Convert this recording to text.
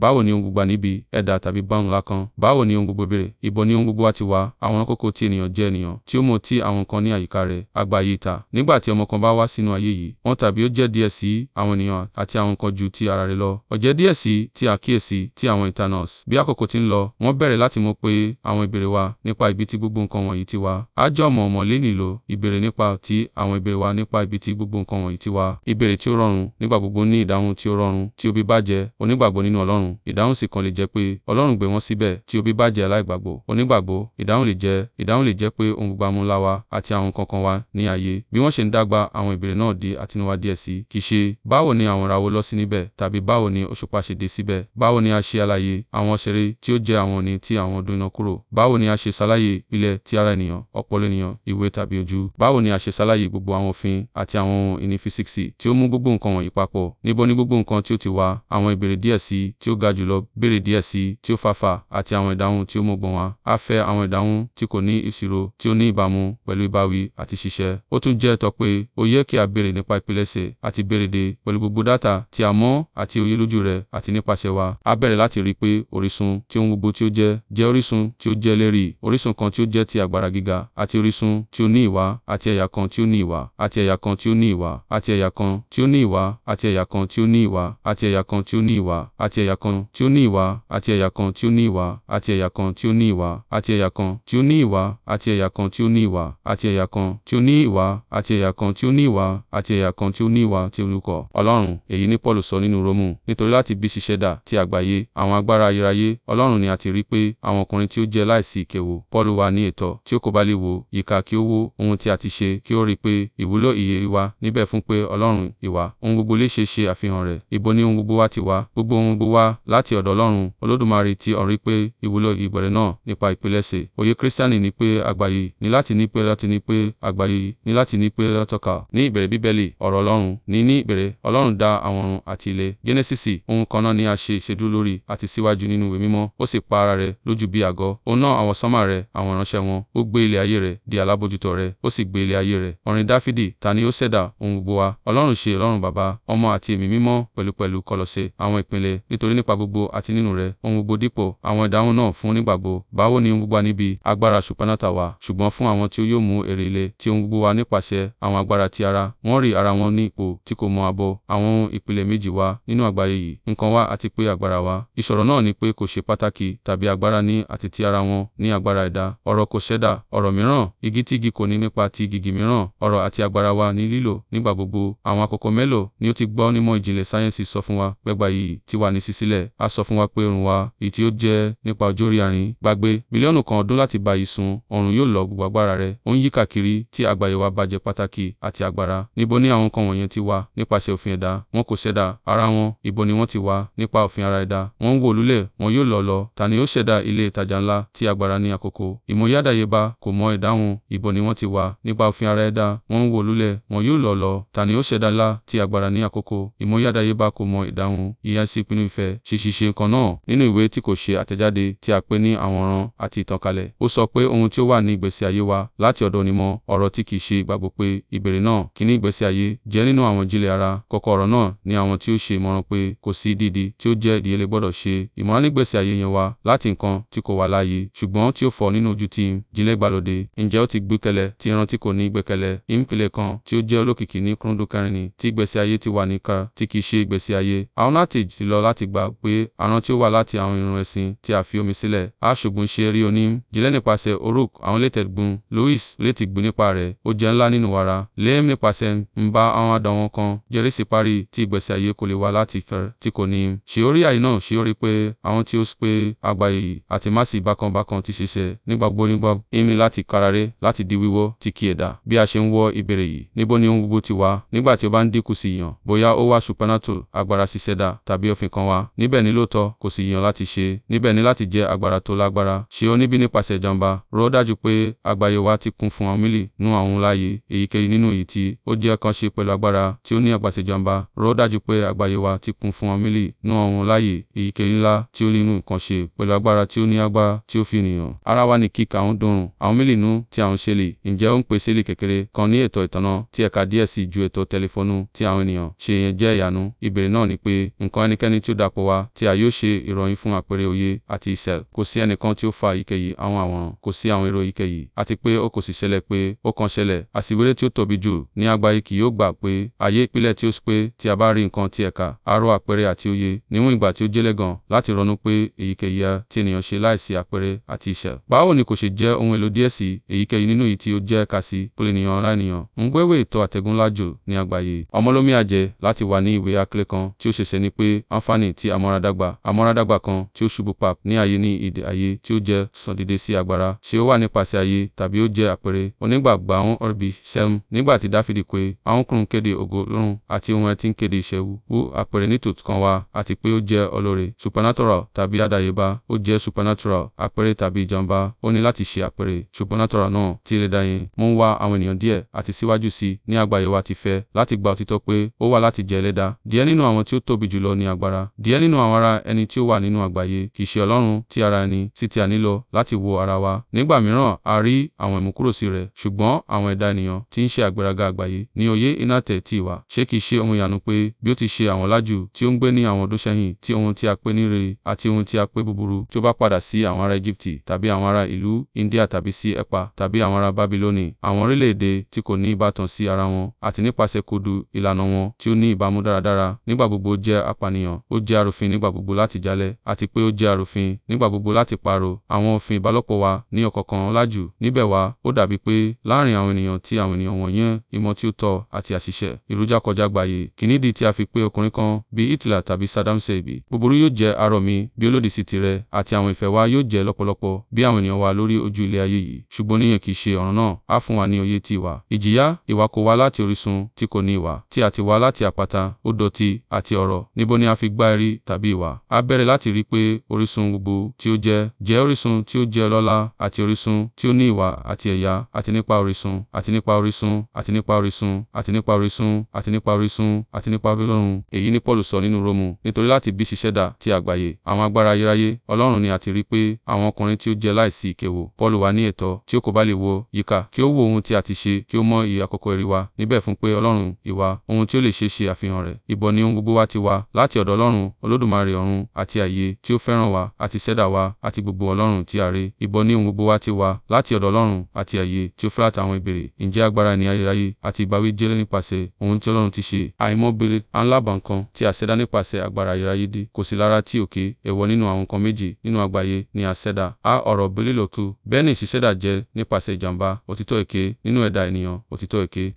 Báwo ni ohun gbogbo àníbi, ẹ̀dá tàbí bá òun ńlá kan? Báwo ni ohun gbogbo ìbéèrè? Ibo ni ohun gbogbo wa ti wá? Àwọn àkókò tí ènìyàn jẹ́ ènìyàn tí ó mọ ti àwọn nǹkan ní àyíká rẹ̀. Àgbáyé ìta. Nígbà tí ọmọ kan bá wá sínú ayé yìí, wọ́n tàbí ó jẹ́ díẹ̀ sí àwọn ènìyàn àti àwọn nǹkan ju ti ara rẹ̀ lọ. Ó jẹ́ díẹ̀ sí ti àkíyèsí ti àwọn ìtanas. Bí àkókò ti ń lọ, wọ́n bẹ̀rẹ̀ láti mọ̀ pé àwọn ìbéèrè wa nípa ibi tí gbogbo nǹkan wọ̀nyí ti wá. A jẹ́ ọmọ ọmọ lè nílò ìbéèrè nípa ti àwọn ìbéèrè wa nípa ibi tí gbogbo nǹkan wọ̀nyí ti wá. Ìbéèrè tí ó rọrùn nígbà gbogbo ní ìdáhùn tí ó rọrùn tí ó bí bàjẹ́ onígbàgbọ́ nínú Ọlọ́run. Ọlọ́run. Ìdáhùn sì kan lè jẹ́ pé, Ọlọ́run gbé wọn síbẹ̀ tí òbí bá jẹ́ aláìgbàgbọ́. Onígbàgbọ́, ìdáhùn lè jẹ́, ìdáhùn lè jẹ́ pé ohun gbogbo amúńlá wa àti àwọn nǹkan kan wa ní ayé. Bí wọ́n ṣe ń dàgbà, àwọn ìbéèrè náà di àtinúwá díẹ̀ sí i. Kì í ṣe, báwo ni àwọn ìràwọ̀ lọ sí níbẹ̀? Tàbí báwo ni òṣùpá ṣe dé síbẹ̀? Báwo ni a ṣe àlàyé àwọn òṣèré tí ó jẹ́ àwọn òní tí àwọn ọdún iná kúrò? Báwo ni a ṣe ṣàlàyé ilẹ̀ ti ara ènìyàn, ọpọlọ ènìyàn, ìwé tàbí ojú? Báwo ni a ṣe ṣàlàyé gbogbo àwọn òfin àti àwọn ohun ìní físíksì tí ó mú gbogbo nǹkan wọ̀nyí papọ̀? Níbo ni gbogbo nǹkan tí ó ti wá? Àwọn ìbéèrè díẹ̀ sí tí ó ga jùlọ béèrè díẹ̀ sí i tí ó fàfà àti àwọn ìdáhùn tí ó mọ́gbọ́n wá. A fẹ́ àwọn ìdáhùn tí kò ní ìṣirò tí ó ní ìbámu pẹ̀lú ìbáwí àti ṣíṣe. Ó tún jẹ́ ẹ̀tọ́ pé ó yẹ kí a béèrè nípa ìpilẹ̀ṣẹ̀ àti ìbéèrèdè pẹ̀lú gbogbo dátà tí a mọ̀ àti òye lójú rẹ̀ àti nípasẹ̀ wa. A bẹ̀rẹ̀ láti rí i pé orísun tí ohun gbogbo tí ó jẹ́ jẹ́ orísun tí ó jẹ́ ẹlẹ́rìí, orísun kan tí ó jẹ́ ti agbára gíga àti orísun tí ó ní ìwà àti ẹ̀yà kan tí ó ní ìwà àti ẹ̀yà kan tí ó ní ìwà àti ẹ̀yà kan tí ó ní ìwà àti ẹ̀yà kan tí ó ní ìwà àti ẹ̀yà kan tí ó ní ìwà àti ẹ̀yà kan kan tí ó ní ìwà, àti ẹ̀yà kan tí ó ní ìwà, àti ẹ̀yà kan tí ó ní ìwà, àti ẹ̀yà kan tí ó ní ìwà, àti ẹ̀yà kan tí ó ní ìwà, àti ẹ̀yà kan tí ó ní ìwà, àti ẹ̀yà kan tí ó ní ìwà, àti ẹ̀yà kan tí ó ní ìwà ti orúkọ Ọlọ́run. Èyí ni Paulu sọ nínú Rómù. Nítorí láti bí ṣiṣẹ́dá ti àgbáyé, àwọn agbára ayérayé, Ọlọ́run ni a ti rí pé àwọn ọkùnrin tí ó jẹ́ láìsí ìkéwú. Paulu wà ní ètò tí ó kò bá lè wo ìkà kí ó wo ohun tí a ti ṣe kí ó rí i pé ìwúlò ìyè wa níbẹ̀ fún pé Ọlọ́run ìwà ohun gbogbo lè ṣe àfihàn rẹ̀. Ibo ni ohun gbogbo wa ti wá? Gbogbo ohun gbogbo wa láti ọ̀dọ̀ Ọlọ́run Olódùmarè ti ọ̀run rí pé ìwúlò ìbẹ̀rẹ̀ náà nípa ìpilẹ̀ṣẹ̀. Òye Kírísítẹ́nì ni pé àgbáyé ní láti ní pé láti ní pé àgbáyé ní láti ní pé lọ́tọ̀ka. Ní ìbẹ̀rẹ̀ Bíbélì, ọ̀rọ̀ Ọlọ́run ní ní ìbẹ̀rẹ̀ Ọlọ́run dá àwọn ọ̀run àti ilẹ̀. Génésìsì, ohun kan náà ni a ṣe ìṣedúró lórí àti síwájú nínú ìwé mímọ́. Ó sì pa ara rẹ̀ lójú bí àgọ́. Ó ná àwọn sọ́mà rẹ̀, àwọn ìránṣẹ́ wọn. Ó gbé ilé ayé rẹ̀ di alábòjútó rẹ̀. Ó sì gbé ilé ayé rẹ̀. Orin Dáfídì, ta ni ó ṣẹ̀dá ohun gbogbo wa? Ọlọ́run ṣe Ọlọ́run Bàbá, Ọmọ àti Ẹ̀mí Mímọ́ pẹ̀lúpẹ̀lú Kọlọ̀ṣe. Àwọn ìpìlẹ̀ nítorí nípa nípa gbogbo àti nínú rẹ̀ ohun gbogbo dípò àwọn ìdáhùn náà fún onígbàgbọ́ báwo ni ohun gbogbo níbi agbára supernatural wà ṣùgbọ́n fún àwọn tí ó yóò mú èrè ilé tí ohun gbogbo wá nípasẹ̀ àwọn agbára ti ara wọ́n rí ara wọn ní ipò tí kò mọ àbọ̀ àwọn ìpìlẹ̀ méjì wà nínú àgbáyé yìí nǹkan wà àti pé agbára wà ìṣòro náà ni pé kò ṣe pàtàkì tàbí agbára ní àti ti ara wọn ní agbára ẹ̀dá ọ̀rọ̀ kò ṣẹ̀dá ọ̀rọ̀ mìíràn igi tí igi kò ní nípa ti igi mìíràn ọ̀rọ̀ àti agbára wa ní lílò nígbà gbogbo àwọn àkókò mélòó ni ó ti gbọ́ nímọ̀ ìjìnlẹ̀ sáyẹ́ǹsì sọ fún wa gbẹgbà yìí ti wà ní sísílẹ̀ sílẹ̀, a sọ fún wa pé oorun wa, èyí tí ó jẹ́ nípa ọjọ́ orí arin, gbàgbé bílíọ̀nù kan ọdún láti bá yí sun, ọ̀run yóò lọ gbogbo agbára rẹ̀, ó ń yíká kiri, tí àgbáyé wa bàjẹ́ pàtàkì àti agbára. Níbo ni àwọn nǹkan wọ̀nyẹn ti wá? Nípasẹ̀ òfin ẹ̀dá, wọn kò ṣẹ̀dá ara wọn, ibo ni wọ́n ti wá? Nípa òfin ara ẹ̀dá, wọ́n ń wó lulẹ̀, wọn yóò lọ lọ. Ta ni ó ṣẹ̀dá ilé ìtajà ńlá tí agbára ní àkókò? Ìmòye àdáyébá kò mọ ẹ̀dá wọn, ibo ni wọ́n ti wá? Nípa òfin ara ẹ̀dá, wọ́n ń wó lulẹ̀, wọn yóò lọ lọ. Ta ni ó ṣẹ̀dá ńlá tí agbára ní àkókò? Ìmòye àdáyébá kò mọ ẹ̀dá wọn, ìyà sì pinnu ìfẹ́ ṣe ṣiṣe kan náà nínú ìwé tí kò ṣe àtẹ̀jáde tí a pè ní àwòrán àti ìtànkálẹ̀. Ó sọ pé ohun tí ó wà ní ìgbésí ayé wa láti ọ̀dọ̀ onímọ̀ ọ̀rọ̀ tí kì í ṣe ìgbàgbọ́ pé ìbéèrè náà kíni ìgbésí ayé jẹ́ nínú àwọn ìjìnlẹ̀ ara. Kókó ọ̀rọ̀ náà ni àwọn tí ó ṣe ìmọ̀ràn pé kò sí dídi tí ó jẹ́ ìdíyelé gbọ́dọ̀ ṣe ìmọ̀ràn nígbésí ayé yẹn wá láti nǹkan tí kò wà láàyè ṣùgbọ́n tí ó fọ́ nínú ojú ti ìjìnlẹ̀ ìgbàlódé. Ǹjẹ́ ó ti gbẹ́kẹ̀lé ti ìran tí kò ní ìgbẹ́kẹ̀lé ìpìlẹ̀ kan tí ó jẹ́ olókìkí ní kúrúndùn kẹrin tí ìgbésí ayé ti wà níkà tí kì í ṣe ìgbésí ayé. Aronatic ti lọ láti gba pé aràn tí ó wá láti àwọn irun ẹṣin tí a fi omi sílẹ̀, a ṣògùn iṣẹ́ rí oní. Jìnlẹ̀ nípasẹ̀ Oruk, àwọn Lated gbun, Lois, Leti gbun nípa rẹ̀, ó jẹ́ ńlá nínú wàrà. Lehem nípasẹ̀ ń bá àwọn àdánwò kan, Jeresi parí, tí ìgbésí ayé kò lè wá láti fẹ́, tí kò ní. Ṣéórí àyè náà ṣéórí pé, àwọn tí ó sọ pé, àgbáyé àti Masi bákan bákan ti ṣiṣẹ́, nígbà nígbà, èmi láti káraré, láti di wíwọ́, ti kí ẹ̀dá. Bí a ṣe ń wọ ìbéèrè yìí, níbo ni ohun gbogbo ti wá, nígbà tí ó bá ń dínkù sí ìyàn, bóyá ó wá supernatural, agbára ṣíṣẹ̀dá, tàbí òfin kan wá. Níbẹ̀ ni lóòótọ́, kò sì yàn láti ṣe. Níbẹ̀ ni láti jẹ́ agbára tó lágbára. Ṣe ó níbí nípasẹ̀ ìjàmbá. Rò ó dájú pé àgbáyé wa ti kún fún ọ̀rúnmìlì nínú àwọn ńlá ayé. Èyíkéyìí nínú èyí tí ó jẹ́ kan ṣe pẹ̀lú agbára tí ó ní ipasẹ̀ ìjàmbá. Rò dájú pé àgbáyé wa ti kún fún ọ̀rúnmìlì nínú àwọn ńlá Èyíkéyìí ńlá tí ó nínú nǹkan ṣe pẹ̀lú agbára tí ó ní agbára tí ó fi ènìyàn. Ara wa ni kíka ń dùn. Àwọn mílì nù tí àwọn ṣẹ́ẹ̀lì. Ǹjẹ́ ó ń pe ṣẹ́ẹ̀lì kékeré kan ní ètò ìtànná tí ẹ̀ka díẹ̀ sí ju ètò tẹlifóònù tí àwọn ènìyàn ṣe yẹn jẹ́ ìyanu. Ìbéèrè náà ni pé, ǹkan ẹnikẹ́ni tí ó dàpọ̀ wa tí a yóò ṣe ìròyìn fún àpẹẹrẹ òye àti ìṣẹ́. Kò sí ẹnìkan tí ó fa èyíkéyìí àwọn àwòrán, kò sí àwọn èrò èyíkéyìí, àti pé ó kò sì ṣẹlẹ̀ pé ó kan ṣẹlẹ̀. Aṣiwèrè tí ó tóbi jù ní àgbáyé kì yóò gbà pé ayé ìpìlẹ̀ tí ó pé tí a bá rí nǹkan tí ẹ̀ka, arọ àpẹẹrẹ àti òye, níwọ̀n ìgbà tí ó jẹ́lẹ̀ gan láti ronú pé èyíkéyìí a ti ènìyàn ṣe láìsí àpẹẹrẹ àti ìṣẹ́. Báwo ni kò ṣe jẹ́ ohun èlò díẹ̀ sí èyíkéyìí nínú èyí tí ó jẹ́ ẹ̀ka sí pólènìyàn ara ènìyàn? Ń gbéwè ètò àtẹ̀gúnlá jù ní àgbáyé. Ọmọlómíàjẹ láti wà ní ìwé àkílẹ̀ kan tí ó ṣẹ̀ṣẹ̀ ni pé àǹfààní tí àwọn àmúradàgbà, àmúradàgbà kan tí ó ṣubú pap ní ayé ní ìdè ayé tí ó jẹ́ sàn dìde sí agbára, ṣé ó wà nípasẹ̀ ayé tàbí ó jẹ́ àpẹẹrẹ. Onígbàgbọ́ àwọn ọ̀rẹ́bí Sem nígbà tí Dáfídì pé, àwọn ọkùnrin ń kéde ògo Ọlọ́run àti ohun ẹtí ń kéde ìṣẹ́gun. Wo àpẹẹrẹ nítòótọ́ kan wà àti pé ó jẹ́ ọlọ́rẹ̀ supernatural tàbí àdáyébá, ó jẹ́ supernatural àpẹẹrẹ tàbí ìjàmbá. Ó ní láti ṣe àpẹẹrẹ supernatural náà tí ẹlẹ́dàá yẹn mú wá àwọn ènìyàn díẹ̀ àti síwájú sí ní àgbáyé wa ti fẹ́ láti gba òtítọ́ pé ó wá láti jẹ́ ẹlẹ́dàá. Díẹ̀ nínú àwọn tí ó tóbi jùlọ ní agbára. Díẹ̀ nínú nínú àwọn ara ẹni tí ó wà nínú àgbáyé kì í ṣe Ọlọ́run ti ara ẹni sí tí a nílò láti wo ara wa. Nígbà mìíràn a rí àwọn ìmúkúròsí rẹ̀, ṣùgbọ́n àwọn ẹ̀dá ènìyàn tí ń ṣe àgbéraga àgbáyé ní òye ìnátẹ̀ ti ìwà. Ṣé kì í ṣe ohun ìyanu pé bí ó ti ṣe àwọn ọ̀làjú tí ó ń gbé ní àwọn ọdún sẹ́yìn tí ohun tí a pè ní rere àti ohun tí a pè búburú tí ó bá padà sí àwọn ará Ejibiti tàbí àwọn ará ìlú India tàbí sí Ẹ̀pà tàbí àwọn ará Babiloni, àwọn orílẹ̀-èdè tí kò ní ìbátan sí ara wọn àti nípasẹ̀ kodu ìlànà wọn tí ó ní ìbámu dáradára, nígbà gbogbo jẹ́ apànìyàn, ó jẹ́ arúfin arúfin nígbà gbogbo láti jalè, àti pé ó jẹ́ arúfin nígbà gbogbo láti parọ́. Àwọn òfin ìbálòpọ̀ wa ní ọ̀kọ̀ọ̀kan lajú níbẹ̀ wá, ó dàbí pé láàrín àwọn ènìyàn tí àwọn ènìyàn wọ̀nyẹn, ìmọ̀ tí ó tọ́ àti àṣìṣe, ìrújà kọjá gbayì. Kí nìdí tí a fi pé ọkùnrin kan bí Hitler tàbí Saddam Hussein? Búburú yóò jẹ́ arọ mi bí ó lòdì sí tirẹ̀, àti àwọn ìfẹ́ wa yóò jẹ́ lọ́pọ̀lọpọ̀ bí àwọn ènìyàn wa lórí ojú ilẹ̀ ayé yìí. Ṣùgbọ́n ìyẹn kì í ṣe ọ̀ràn náà, á fún wa ní òye ti ìwà. Ìjìyà, ìwà kò wá láti orísun tí kò ní ìwà, tí a ti wá láti àpáta, ó dọ̀tí, àti ọ̀rọ̀. Níbo ni a fi gbá ẹ̀rí tàbí ìwà. A bẹ̀rẹ̀ láti rí pé orísun gbogbo tí ó jẹ́, jẹ́ orísun tí ó jẹ́ ọlọ́lá àti orísun tí ó ní ìwà àti ẹ̀yà àti nípa orísun, àti nípa orísun, àti nípa orísun, àti nípa orísun, àti nípa orísun, àti nípa Ọlọ́run. Èyí ni Paulu sọ nínú Romu. Nítorí láti bí ṣiṣẹ́dá ti àgbáyé, àwọn agbára ayérayé, Ọlọ́run ni a ti rí pé àwọn ọkùnrin tí ó jẹ́ láìsí ìkéwò. Paulu wà ní ẹ̀tọ́ tí ó kò bá lè wo yíká, kí ó wo ohun tí a ti ṣe, kí ó mọ iye àkókò ẹ̀rí wa níbẹ̀ fún pé Ọlọ́run, ìwà, ohun tí ó lè ṣe ṣe àfihàn rẹ̀. Ibo ni ohun gbogbo wa ti wá? Láti ọ̀dọ̀ Olódùmarè ọ̀run àti ayé tí ó fẹ́ràn wa àti ṣẹ̀dá wa àti gbogbo Ọlọ́run tí a rí. Ìbò ni ohun gbogbo wa ti wá? Láti ọ̀dọ̀ Ọlọ́run àti ayé tí ó fẹ́ àtàwọn ìbéèrè. Ǹjẹ́ agbára ènìyàn ayérayé àti ìbáwí jẹ́ nípasẹ̀ ohun tí Ọlọ́run ti ṣe? Àìmọ́ béèrè. A ń lábàá nǹkan tí a ṣẹ̀dá nípasẹ̀ agbára ayérayé dí. Kò sí lára tí òkè èèwọ̀ nínú àwọn nǹkan méjì nínú àgbáyé ni a ṣẹ̀dá. A ọ̀rọ̀ béèrè ló kù. Bẹ́ẹ̀ ni ìṣísẹ̀dá jẹ́ nípasẹ̀ ìjàmbá. Òtítọ́ èké nínú ẹ̀dá ènìyàn. Òtítọ́ èké.